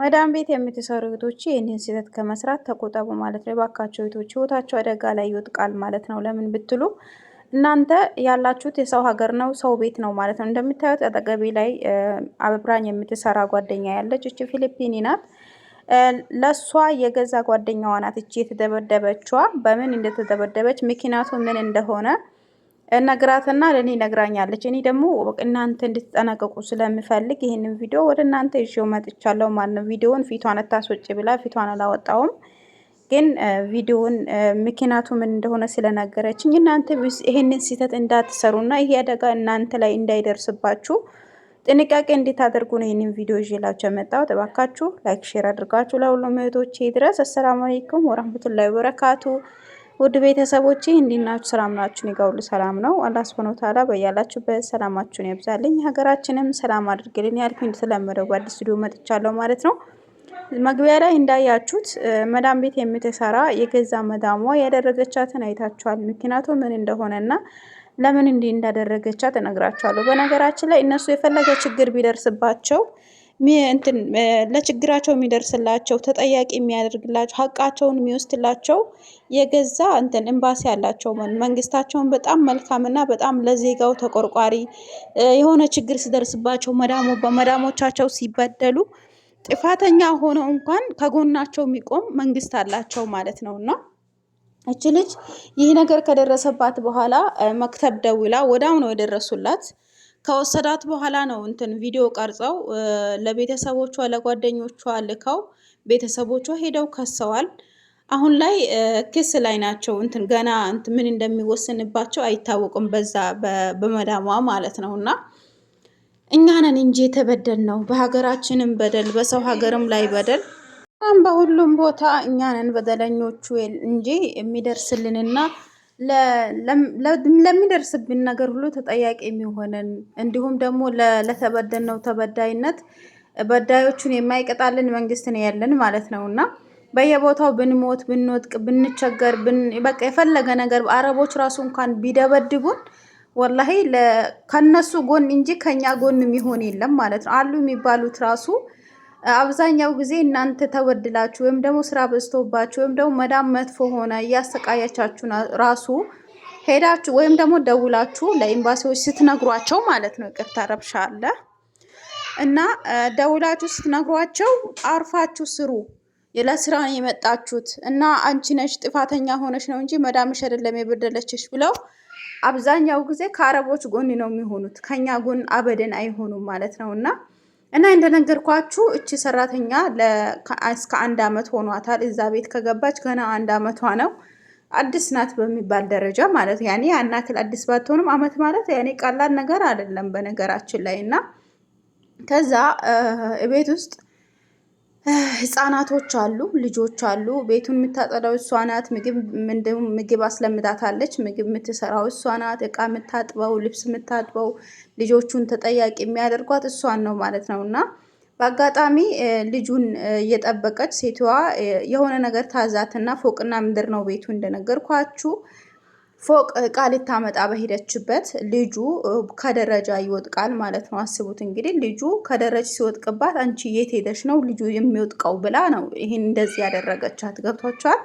መዳም ቤት የምትሰሩ እህቶች ይህንን ስህተት ከመስራት ተቆጠቡ ማለት ነው። የባካቸው እህቶች ህይወታቸው አደጋ ላይ ይወጥቃል ማለት ነው። ለምን ብትሉ እናንተ ያላችሁት የሰው ሀገር ነው፣ ሰው ቤት ነው ማለት ነው። እንደምታዩት አጠገቤ ላይ አብራኝ የምትሰራ ጓደኛ ያለች እች ፊሊፒኒ ናት። ለእሷ የገዛ ጓደኛዋ ናት እቺ የተደበደበችዋ። በምን እንደተደበደበች ምክንያቱ ምን እንደሆነ ነግራትና ለእኔ ነግራኛለች። እኔ ደግሞ እናንተ እንድትጠነቀቁ ስለምፈልግ ይህንን ቪዲዮ ወደ እናንተ ይዤው መጥቻለሁ ማለት ነው። ቪዲዮውን ፊቷን እታስወጪ ብላ ፊቷን አላወጣውም፣ ግን ቪዲዮውን ምክንያቱ ምን እንደሆነ ስለነገረችኝ እናንተ ይህንን ስህተት እንዳትሰሩና ይሄ አደጋ እናንተ ላይ እንዳይደርስባችሁ ጥንቃቄ እንድታደርጉ ነው ይህንን ቪዲዮ ይዤላችሁ የመጣሁት። እባካችሁ ላይክ፣ ሼር አድርጋችሁ ለሁሉም እህቶቼ ድረስ። አሰላሙ አለይኩም ወራህመቱላሂ ወበረካቱ ውድ ቤተሰቦች እንዲናችሁ ሰላምናችሁን ይገውል። ሰላም ነው። አላህ ሱብሐነሁ ወተዓላ በያላችሁበት ሰላማችሁን ያብዛልኝ፣ ሀገራችንም ሰላም አድርግልን ያልኩኝ እንደተለመደው በአዲስ ቪዲዮ መጥቻለሁ ማለት ነው። መግቢያ ላይ እንዳያችሁት መዳም ቤት የምትሰራ የገዛ መዳሟ ያደረገቻትን አይታችኋል። ምክንያቱ ምን እንደሆነና ለምን እንዲህ እንዳደረገቻት እነግራችኋለሁ። በነገራችን ላይ እነሱ የፈለገ ችግር ቢደርስባቸው እንትን ለችግራቸው የሚደርስላቸው ተጠያቂ የሚያደርግላቸው ሀቃቸውን የሚወስድላቸው የገዛ እንትን ኤምባሲ ያላቸው መንግስታቸውን በጣም መልካምና በጣም ለዜጋው ተቆርቋሪ የሆነ ችግር ሲደርስባቸው መዳሞ በመዳሞቻቸው ሲበደሉ ጥፋተኛ ሆነው እንኳን ከጎናቸው የሚቆም መንግስት አላቸው ማለት ነው እና እች ልጅ ይህ ነገር ከደረሰባት በኋላ መክተብ ደውላ ወዳው ነው የደረሱላት። ከወሰዳት በኋላ ነው እንትን ቪዲዮ ቀርጸው ለቤተሰቦቿ ለጓደኞቿ ልከው ቤተሰቦቿ ሄደው ከሰዋል። አሁን ላይ ክስ ላይ ናቸው። እንትን ገና ምን እንደሚወስንባቸው አይታወቅም። በዛ በመዳሟ ማለት ነው እና እኛ ነን እንጂ የተበደል ነው በሀገራችንም በደል በሰው ሀገርም ላይ በደል በሁሉም ቦታ እኛ ነን በደለኞቹ እንጂ የሚደርስልንና ለሚደርስብን ነገር ሁሉ ተጠያቂ የሚሆነን እንዲሁም ደግሞ ለተበደነው ተበዳይነት በዳዮቹን የማይቀጣልን መንግስት ነው ያለን ማለት ነው እና በየቦታው ብንሞት ብንወጥቅ ብንቸገር በቃ የፈለገ ነገር አረቦች ራሱ እንኳን ቢደበድቡን ወላሂ ከነሱ ጎን እንጂ ከኛ ጎን የሚሆን የለም ማለት ነው። አሉ የሚባሉት ራሱ አብዛኛው ጊዜ እናንተ ተበድላችሁ ወይም ደግሞ ስራ በዝቶባችሁ ወይም ደግሞ መዳም መጥፎ ሆነ እያሰቃያቻችሁ ራሱ ሄዳችሁ ወይም ደግሞ ደውላችሁ ለኤምባሲዎች ስትነግሯቸው ማለት ነው። ይቅርታ ረብሻ አለ እና ደውላችሁ ስትነግሯቸው አርፋችሁ ስሩ። ለስራ ነው የመጣችሁት እና አንቺ ነሽ ጥፋተኛ ሆነች ነው እንጂ መዳምሽ አይደለም የበደለችሽ ብለው አብዛኛው ጊዜ ከአረቦች ጎን ነው የሚሆኑት። ከኛ ጎን አበደን አይሆኑም ማለት ነው እና እና እንደነገርኳችሁ እቺ ሰራተኛ እስከ አንድ አመት ሆኗታል። እዛ ቤት ከገባች ገና አንድ አመቷ ነው። አዲስ ናት በሚባል ደረጃ ማለት ያኔ ያናክል አዲስ ባትሆንም አመት ማለት ያኔ ቀላል ነገር አይደለም በነገራችን ላይ እና ከዛ ቤት ውስጥ ህፃናቶች አሉ፣ ልጆች አሉ። ቤቱን የምታጠዳው እሷ ናት። ምግብ አስለምዳታለች። ምግብ የምትሰራው እሷ ናት። እቃ የምታጥበው፣ ልብስ የምታጥበው፣ ልጆቹን ተጠያቂ የሚያደርጓት እሷን ነው ማለት ነው። እና በአጋጣሚ ልጁን እየጠበቀች ሴትዋ የሆነ ነገር ታዛትና ፎቅና ምድር ነው ቤቱ እንደነገርኳችሁ ፎቅ እቃ ልታመጣ በሄደችበት ልጁ ከደረጃ ይወጥቃል ማለት ነው። አስቡት እንግዲህ ልጁ ከደረጃ ሲወጥቅባት አንቺ የት ሄደሽ ነው ልጁ የሚወጥቀው ብላ ነው ይህን እንደዚህ ያደረገቻት። ገብቷቸዋል።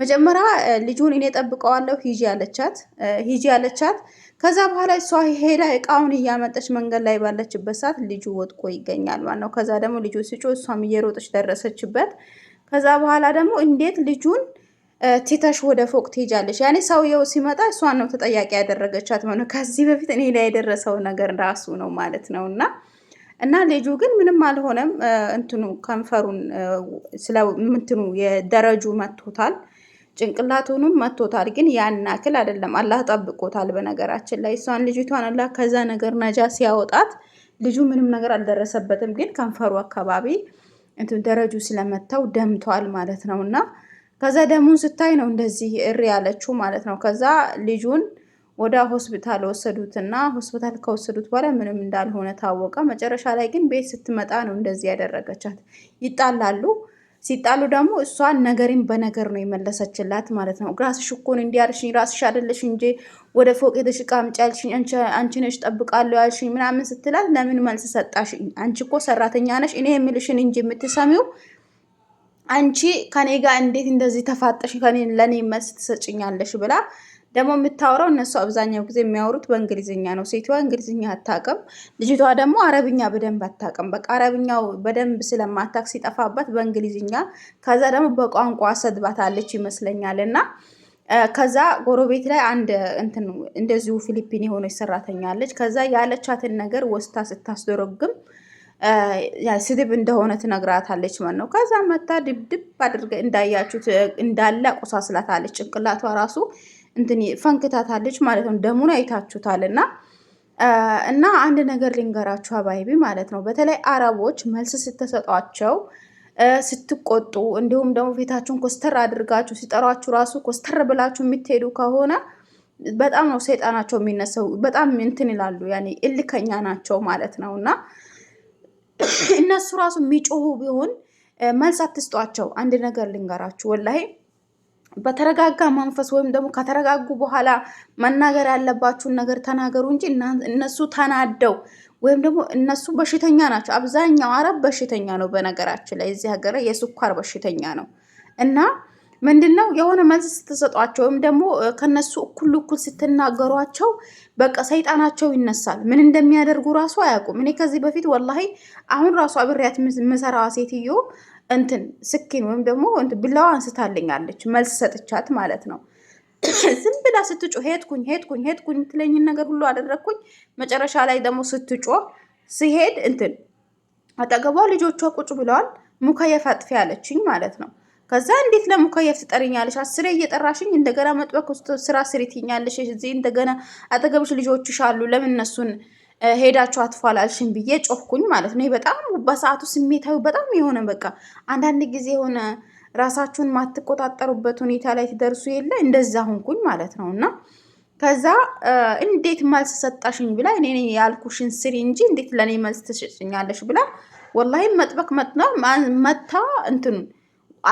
መጀመሪያ ልጁን እኔ ጠብቀዋለሁ ሂጂ ያለቻት ሂጂ ያለቻት። ከዛ በኋላ እሷ ሄዳ እቃውን እያመጠች መንገድ ላይ ባለችበት ሰዓት ልጁ ወጥቆ ይገኛል ማለት ነው። ከዛ ደግሞ ልጁ ሲጮህ እሷም እየሮጠች ደረሰችበት። ከዛ በኋላ ደግሞ እንዴት ልጁን ቲተሽ ወደ ፎቅ ትሄጃለች። ያኔ ሰውየው ሲመጣ እሷን ነው ተጠያቂ ያደረገቻት ሆነ ከዚህ በፊት እኔ ላይ የደረሰው ነገር ራሱ ነው ማለት ነው እና እና ልጁ ግን ምንም አልሆነም። እንትኑ ከንፈሩን ስለምትኑ የደረጁ መቶታል፣ ጭንቅላቱንም መቶታል። ግን ያን አክል አይደለም። አላህ ጠብቆታል። በነገራችን ላይ እሷን ልጅቷን አላህ ከዛ ነገር ነጃ ሲያወጣት ልጁ ምንም ነገር አልደረሰበትም። ግን ከንፈሩ አካባቢ እንትን ደረጁ ስለመታው ደምቷል ማለት ነው እና ከዛ ደሙን ስታይ ነው እንደዚህ እሪ ያለችው ማለት ነው። ከዛ ልጁን ወደ ሆስፒታል ወሰዱትና ሆስፒታል ከወሰዱት በኋላ ምንም እንዳልሆነ ታወቀ። መጨረሻ ላይ ግን ቤት ስትመጣ ነው እንደዚህ ያደረገቻት። ይጣላሉ። ሲጣሉ ደግሞ እሷን ነገርን በነገር ነው የመለሰችላት ማለት ነው። ራስሽ እኮ እንዲህ ያልሽኝ፣ ራስሽ አይደለሽ እንጂ ወደ ፎቅ ሄደሽ ዕቃ አምጪ ያልሽኝ አንቺ ነሽ፣ ጠብቃለሁ ያልሽኝ ምናምን ስትላት ለምን መልስ ሰጣሽ? አንቺ እኮ ሰራተኛ ነሽ፣ እኔ የምልሽን እንጂ የምትሰሚው አንቺ ከኔ ጋር እንዴት እንደዚህ ተፋጠሽ ለእኔ መልስ ትሰጭኛለሽ ብላ ደግሞ የምታወራው እነሱ አብዛኛው ጊዜ የሚያወሩት በእንግሊዝኛ ነው። ሴትዋ እንግሊዝኛ አታውቅም፣ ልጅቷ ደግሞ አረብኛ በደንብ አታውቅም። በቃ አረብኛው በደንብ ስለማታውቅ ሲጠፋባት በእንግሊዝኛ ከዛ ደግሞ በቋንቋ ሰድባታለች ይመስለኛል እና ከዛ ጎረቤት ላይ አንድ እንትን እንደዚሁ ፊሊፒን የሆነች ሰራተኛ አለች። ከዛ ያለቻትን ነገር ወስታ ስታስደረግም ስድብ እንደሆነ ትነግራታለች ማለት ነው። ከዛ መታ ድብድብ አድርገ እንዳያችሁት እንዳለ ቆሳስላታለች። ጭንቅላቷ ራሱ እንትን ፈንክታታለች ማለት ነው። ደሙን አይታችሁታል እና እና አንድ ነገር ልንገራችሁ አባይቢ ማለት ነው። በተለይ አረቦች መልስ ስትሰጧቸው ስትቆጡ፣ እንዲሁም ደግሞ ፊታችሁን ኮስተር አድርጋችሁ ሲጠሯችሁ ራሱ ኮስተር ብላችሁ የምትሄዱ ከሆነ በጣም ነው ሰይጣናቸው የሚነሰው። በጣም እንትን ይላሉ፣ ያኔ እልከኛ ናቸው ማለት ነው እና እነሱ ራሱ የሚጮሁ ቢሆን መልስ አትስጧቸው። አንድ ነገር ልንገራችሁ፣ ወላሂ በተረጋጋ መንፈስ ወይም ደግሞ ከተረጋጉ በኋላ መናገር ያለባችሁን ነገር ተናገሩ እንጂ እነሱ ተናደው ወይም ደግሞ እነሱ በሽተኛ ናቸው። አብዛኛው አረብ በሽተኛ ነው። በነገራችን ላይ እዚህ ሀገር የስኳር በሽተኛ ነው እና ምንድን ነው የሆነ መልስ ስትሰጧቸው ወይም ደግሞ ከነሱ እኩል እኩል ስትናገሯቸው በቃ ሰይጣናቸው ይነሳል። ምን እንደሚያደርጉ ራሱ አያውቁም። እኔ ከዚህ በፊት ወላሂ አሁን ራሱ አብሬያት ምሰራዋ ሴትዮ እንትን ስኪን ወይም ደግሞ ብላዋ አንስታለኛለች መልስ ሰጥቻት ማለት ነው። ዝም ብላ ስትጮ ሄድኩኝ ሄድኩኝ ሄድኩኝ የምትለኝን ነገር ሁሉ አደረግኩኝ። መጨረሻ ላይ ደግሞ ስትጮ ሲሄድ እንትን አጠገቧ ልጆቿ ቁጭ ብለዋል። ሙከየፍ አጥፊ ያለችኝ ማለት ነው። ከዛ እንዴት ለሙከየፍ ትጠርኛለሽ? አስሬ እየጠራሽኝ እንደገና መጥበቅ ውስጥ ስራ ስሪ ትይኛለሽ። እዚህ እንደገና አጠገብሽ ልጆችሽ አሉ፣ ለምን እነሱን ሄዳችሁ አትፏላልሽን ብዬ ጮፍኩኝ ማለት ነው። በጣም በሰዓቱ ስሜታዊ በጣም የሆነ በቃ አንዳንድ ጊዜ የሆነ ራሳችሁን ማትቆጣጠሩበት ሁኔታ ላይ ትደርሱ የለ እንደዛ ሆንኩኝ ማለት ነው እና ከዛ እንዴት መልስ ሰጣሽኝ ብላ እኔ ያልኩሽን ስሪ እንጂ እንዴት ለእኔ መልስ ትሰጭኛለሽ ብላ ወላይም መጥበቅ መጥና መታ እንትኑን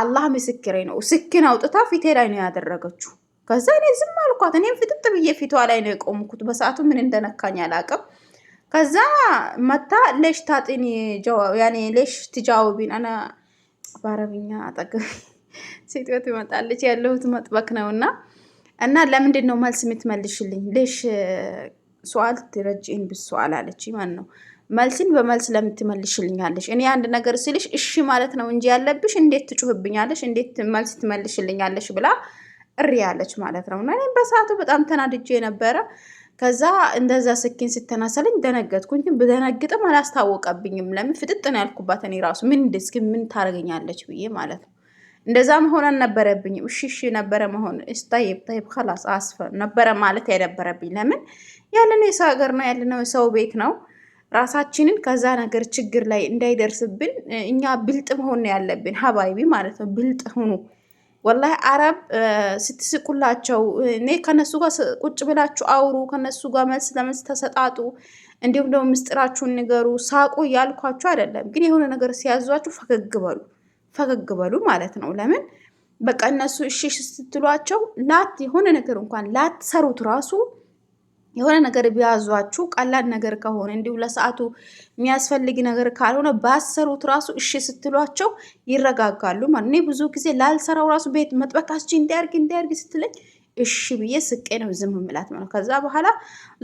አላህ ምስክሬ ነው። ስክን አውጥታ ፊቴ ላይ ነው ያደረገችው። ከዛ እኔ ዝም አልኳት። እኔም ፍጥጥ ብዬ ፊቷ ላይ ነው የቆምኩት። በሰዓቱ ምን እንደነካኝ አላቅም። ከዛ መታ ሌሽ ታጢኒ ያኔ ሌሽ ትጃውቢን አና በአረብኛ አጠገብ ሴትዮት ይመጣለች ያለሁት መጥበቅ ነው እና እና ለምንድን ነው መልስ የምትመልሽልኝ? ሌሽ ሰዋል ትረጅን ብሰዋል አለች። ማን ነው መልስን በመልስ ለምትመልሽልኛለሽ? እኔ አንድ ነገር ስልሽ እሺ ማለት ነው እንጂ ያለብሽ እንዴት ትጩህብኛለሽ? እንዴት መልስ ትመልሽልኛለሽ? ብላ እሪ ያለች ማለት ነው። እና እኔም በሰዓቱ በጣም ተናድጄ ነበረ። ከዛ እንደዛ ስኪን ስተናሰለኝ ደነገጥኩኝ። ብደነግጥም አላስታወቀብኝም። ለምን ፍጥጥ ነው ያልኩባት እኔ ራሱ ምን ድስክ ምን ታደርገኛለች ብዬ ማለት ነው። እንደዛ መሆን አልነበረብኝም። እሺ እሺ ነበረ መሆን ስታይብ ታይብ ከላስ አስፈ ነበረ ማለት ያነበረብኝ። ለምን ያለነው የሰው ሀገር ነው ያለነው የሰው ቤት ነው ራሳችንን ከዛ ነገር ችግር ላይ እንዳይደርስብን እኛ ብልጥ መሆን ነው ያለብን። ሀባይቢ ማለት ነው ብልጥ ሁኑ። ወላሂ አረብ ስትስቁላቸው እኔ ከነሱ ጋር ቁጭ ብላችሁ አውሩ። ከነሱ ጋር መልስ ለመልስ ተሰጣጡ። እንዲሁም ደግሞ ምስጢራችሁን ንገሩ፣ ሳቁ እያልኳችሁ አይደለም። ግን የሆነ ነገር ሲያዟችሁ ፈገግ በሉ፣ ፈገግ በሉ ማለት ነው። ለምን በቃ እነሱ እሽሽ ስትሏቸው ላት የሆነ ነገር እንኳን ላትሰሩት ራሱ የሆነ ነገር ቢያዟችሁ ቀላል ነገር ከሆነ እንዲሁም ለሰዓቱ የሚያስፈልግ ነገር ካልሆነ ባሰሩት ራሱ እሺ ስትሏቸው ይረጋጋሉ። ማለት እኔ ብዙ ጊዜ ላልሰራው ራሱ ቤት መጥበቅ እንዲያርግ እንዲያርግ ስትለኝ እሺ ብዬ ስቄ ነው ዝም ምላት ማለት ከዛ በኋላ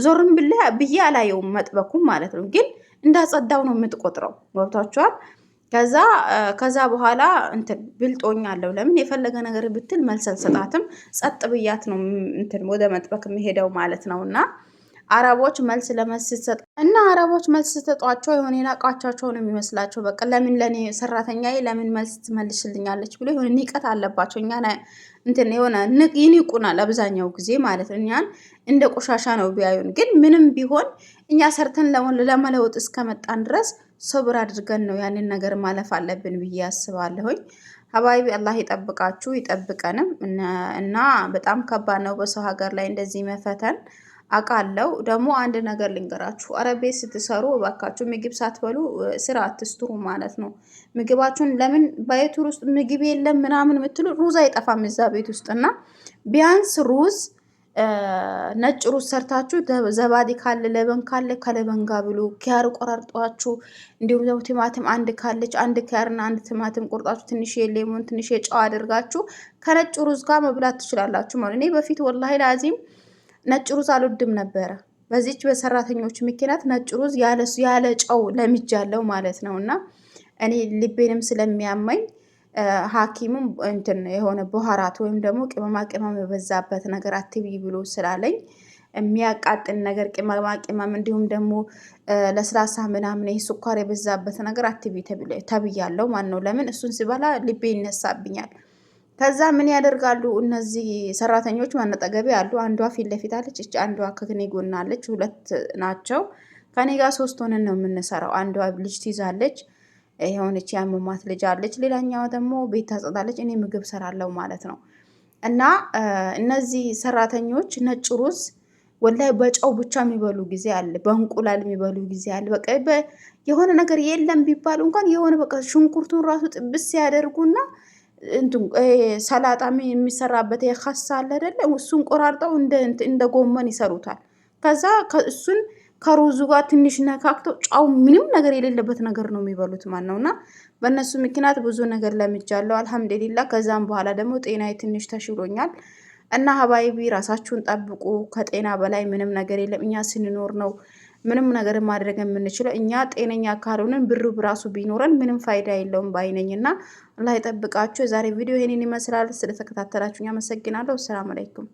ዞርም ብዬ አላየውም መጥበኩም ማለት ነው። ግን እንዳጸዳው ነው የምትቆጥረው ገብቷችኋል። ከዛ ከዛ በኋላ እንትን ብልጦኛለሁ። ለምን የፈለገ ነገር ብትል መልስ አልሰጣትም። ጸጥ ብያት ነው እንትን ወደ መጥበቅ የምሄደው ማለት ነው እና አረቦች መልስ ለመልስ ሲሰጥ እና አረቦች መልስ ሲሰጧቸው የሆነ የናቃቻቸው ነው የሚመስላቸው። በቃ ለምን ለእኔ ሰራተኛ ለምን መልስ ትመልስልኛለች ብሎ የሆነ ንቀት አለባቸው። እኛ እንትን የሆነ ይንቁናል አብዛኛው ጊዜ ማለት ነው። እኛን እንደ ቆሻሻ ነው ቢያዩን። ግን ምንም ቢሆን እኛ ሰርተን ለመለወጥ እስከመጣን ድረስ ሶብር አድርገን ነው ያንን ነገር ማለፍ አለብን ብዬ አስባለሁኝ። ሀባይቢ አላህ ይጠብቃችሁ ይጠብቀንም እና በጣም ከባድ ነው በሰው ሀገር ላይ እንደዚህ መፈተን አቃለው ደግሞ አንድ ነገር ልንገራችሁ፣ አረቤት ስትሰሩ እባካችሁ ምግብ ሳትበሉ ስራ አትስሩ ማለት ነው። ምግባችሁን ለምን በየቱር ውስጥ ምግብ የለም ምናምን የምትሉ ሩዝ አይጠፋም እዛ ቤት ውስጥ እና ቢያንስ ሩዝ ነጭ ሩዝ ሰርታችሁ ዘባዲ ካለ ለበን ካለ ከለበን ጋር ብሉ። ኪያር ቆራርጧችሁ እንዲሁም ደግሞ ቲማቲም አንድ ካለች አንድ ኪያርና አንድ ቲማቲም ቆርጣችሁ ትንሽ የሌሞን ትንሽ የጨው አድርጋችሁ ከነጭ ሩዝ ጋር መብላት ትችላላችሁ ማለት እኔ በፊት ወላሂ ላዚም ነጭ ሩዝ አልወድም ነበረ። በዚች በሰራተኞች ምክንያት ነጭ ሩዝ ያለ ጨው ለምጃለሁ ማለት ነው። እና እኔ ልቤንም ስለሚያመኝ ሐኪሙም እንትን የሆነ በኋራት ወይም ደግሞ ቅመማ ቅመም የበዛበት ነገር አትቢ ብሎ ስላለኝ የሚያቃጥን ነገር ቅመማ ቅመም እንዲሁም ደግሞ ለስላሳ ምናምን ይህ ስኳር የበዛበት ነገር አትቢ ተብያለው። ማን ነው ለምን እሱን ሲበላ ልቤ ይነሳብኛል። ከዛ ምን ያደርጋሉ እነዚህ ሰራተኞች ማነጠገቢ አሉ። አንዷ ፊት ለፊት አለች፣ እች አንዷ ከኔ ጎን አለች። ሁለት ናቸው። ከኔ ጋር ሶስት ሆነን ነው የምንሰራው። አንዷ ልጅ ትይዛለች፣ የሆነች ያመማት ልጅ አለች። ሌላኛው ደግሞ ቤት ታጸዳለች፣ እኔ ምግብ ሰራለው ማለት ነው። እና እነዚህ ሰራተኞች ነጭ ሩዝ ወላይ በጨው ብቻ የሚበሉ ጊዜ አለ፣ በእንቁላል የሚበሉ ጊዜ አለ። በቃ የሆነ ነገር የለም ቢባሉ እንኳን የሆነ በቃ ሽንኩርቱን ራሱ ጥብስ ሲያደርጉና ሰላጣ የሚሰራበት የካሳ አለ አይደለ? እሱን ቆራርጠው እንደ ጎመን ይሰሩታል። ከዛ እሱን ከሩዙ ጋር ትንሽ ነካክተው ጫው ምንም ነገር የሌለበት ነገር ነው የሚበሉት ማን ነው። እና በእነሱ ምክንያት ብዙ ነገር ለምጃለው አልሐምዱሊላ። ከዛም በኋላ ደግሞ ጤናዬ ትንሽ ተሽሎኛል። እና ሀባይቢ ራሳችሁን ጠብቁ። ከጤና በላይ ምንም ነገር የለም። እኛ ስንኖር ነው ምንም ነገር ማድረግ የምንችለው እኛ ጤነኛ ካልሆንን ብሩ ብራሱ ቢኖረን ምንም ፋይዳ የለውም ባይነኝ እና አላህ ይጠብቃችሁ። የዛሬ ቪዲዮ ይህንን ይመስላል። ስለተከታተላችሁ አመሰግናለሁ። ሰላም አለይኩም